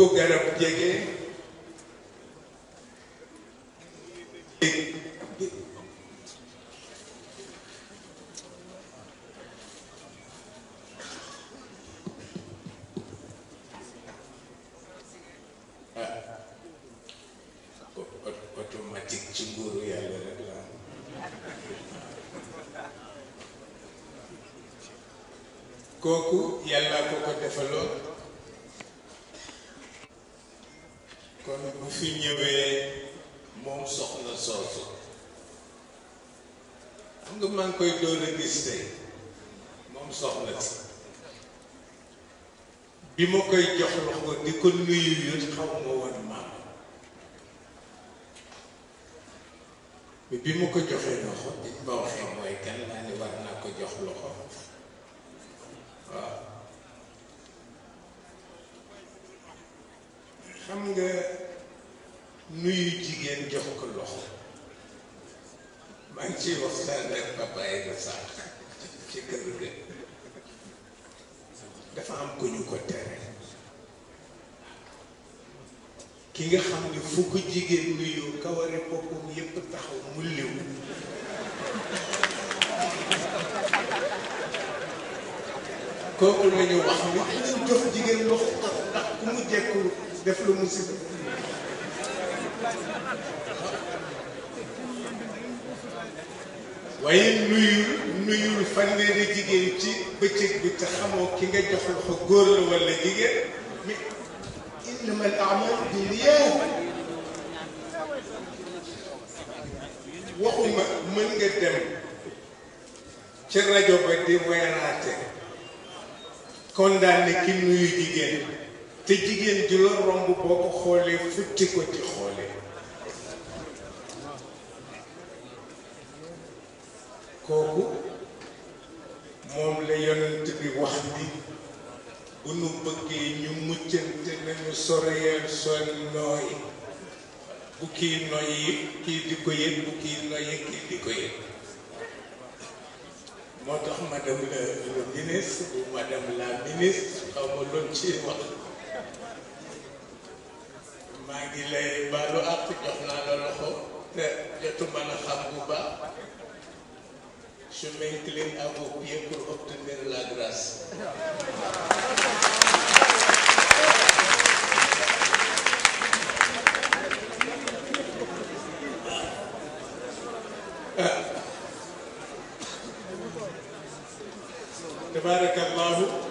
ko garab jege automatique ci nguuru yàlla rek la kooku yàlla ko ko defaloon kon bu fi ñëwee moom soxna soo xam nga maa koy doon a gis tey moom soxna si bi ma koy jox loxo di ko nuyu yooyu xaw ma woon maam bi ma ko joxee loxo di ma waxee mooy kan laa ne war naa ko jox loxo xam nga nuyu jigéen joxu ko loxo maa ngi ciy waxtaan ak papa yi na sànq ci kër gi dafa am ku ñu ko tere ki nga xam ne fukk jigéen nuyu kawari boppam yépp taxaw mu liw kooku la wax ni jox jigéen loxo ku mujjeeku def lu musiba waaye nuyul nuyul fanweeri jigéen ci bëccëg bi te xamoo ki nga jox loxo góor la wala jigéen mi innama al amal bi niyaat waxuma mën nga dem ci rajo ba di weeraate condamné ki nuyu jigéen te jigéen ju la romb boo ko xoolee futti ko ci xoolee kooku moom la yonent bi wax ni bu bëggee ñu muccante nañu soreyeel son nooy bu kii noy yi kii di ko yëg bu kii noy yi kii di ko yëg moo tax madame la le ministre ou madame la ministre xaw ma loolu ci wax maa ngi lay baalu àq jox naa la loxo te jotu mën a xam bu baax je m'incline à vos pieds pour obtenir la grâce. تبارك الله